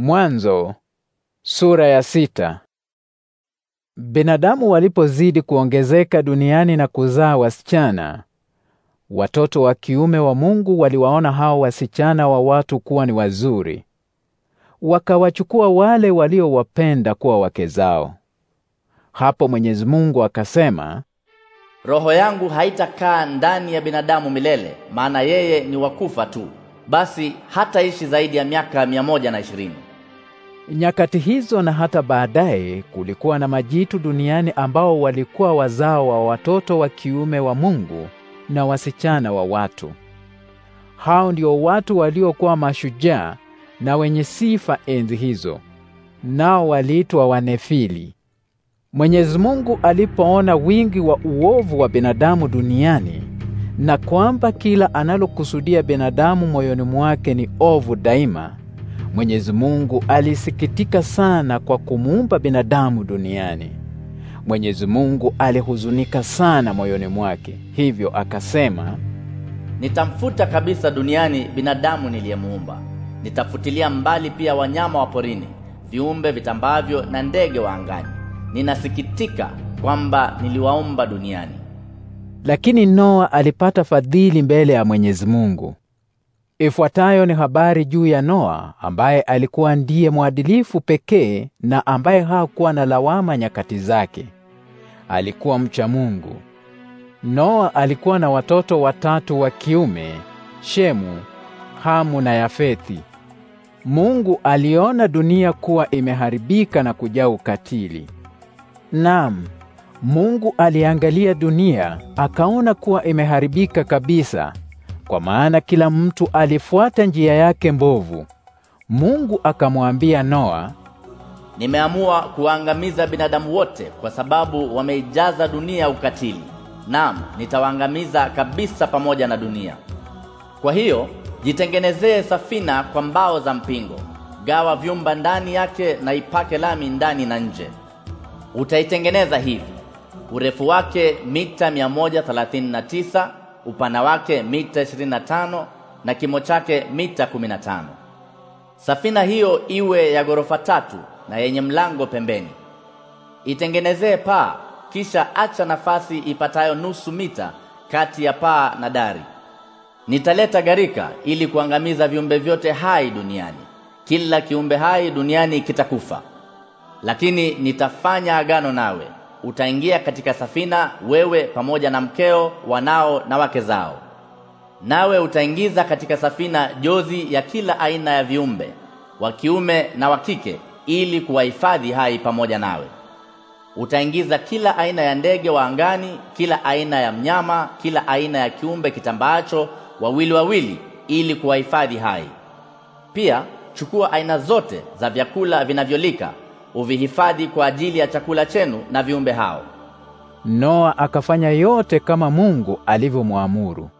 Mwanzo sura ya sita. Binadamu walipozidi kuongezeka duniani na kuzaa wasichana, watoto wa kiume wa Mungu waliwaona hao wasichana wa watu kuwa ni wazuri, wakawachukua wale waliowapenda kuwa wake zao. Hapo Mwenyezi Mungu akasema, Roho yangu haitakaa ndani ya binadamu milele, maana yeye ni wakufa tu, basi hataishi zaidi ya miaka mia moja na ishirini. Nyakati hizo na hata baadaye kulikuwa na majitu duniani ambao walikuwa wazao wa watoto wa kiume wa Mungu na wasichana wa watu. Hao ndio watu waliokuwa mashujaa na wenye sifa enzi hizo, nao waliitwa Wanefili. Mwenyezi Mungu alipoona wingi wa uovu wa binadamu duniani na kwamba kila analokusudia binadamu moyoni mwake ni ovu daima Mwenyezi Mungu alisikitika sana kwa kumuumba binadamu duniani. Mwenyezi Mungu alihuzunika sana moyoni mwake, hivyo akasema, nitamfuta kabisa duniani binadamu niliyemuumba. Nitafutilia mbali pia wanyama wa porini, viumbe vitambavyo na ndege wa angani. Ninasikitika kwamba niliwaumba duniani. Lakini Noa alipata fadhili mbele ya Mwenyezi Mungu. Ifuatayo ni habari juu ya Noa ambaye alikuwa ndiye mwadilifu pekee na ambaye hakuwa na lawama nyakati zake. Alikuwa mcha Mungu. Noa alikuwa na watoto watatu wa kiume, Shemu, Hamu na Yafethi. Mungu aliona dunia kuwa imeharibika na kujaa ukatili. Naam, Mungu aliangalia dunia akaona kuwa imeharibika kabisa kwa maana kila mtu alifuata njia yake mbovu. Mungu akamwambia Noa, nimeamua kuwaangamiza binadamu wote kwa sababu wameijaza dunia ukatili. Naam, nitawaangamiza kabisa pamoja na dunia. Kwa hiyo jitengenezee safina kwa mbao za mpingo, gawa vyumba ndani yake na ipake lami ndani na nje. Utaitengeneza hivi: urefu wake mita 139 upana wake mita 25 na kimo chake mita 15. Safina hiyo iwe ya gorofa tatu na yenye mlango pembeni. Itengenezee paa, kisha acha nafasi ipatayo nusu mita kati ya paa na dari. Nitaleta garika ili kuangamiza viumbe vyote hai duniani. Kila kiumbe hai duniani kitakufa, lakini nitafanya agano nawe utaingia katika safina wewe pamoja na mkeo, wanao na wake zao. Nawe utaingiza katika safina jozi ya kila aina ya viumbe wa kiume na wa kike, ili kuwahifadhi hai pamoja nawe. Utaingiza kila aina ya ndege wa angani, kila aina ya mnyama, kila aina ya kiumbe kitambaacho wawili wawili, ili kuwahifadhi hai. Pia chukua aina zote za vyakula vinavyolika uvihifadhi kwa ajili ya chakula chenu na viumbe hao. Noa akafanya yote kama Mungu alivyomwamuru.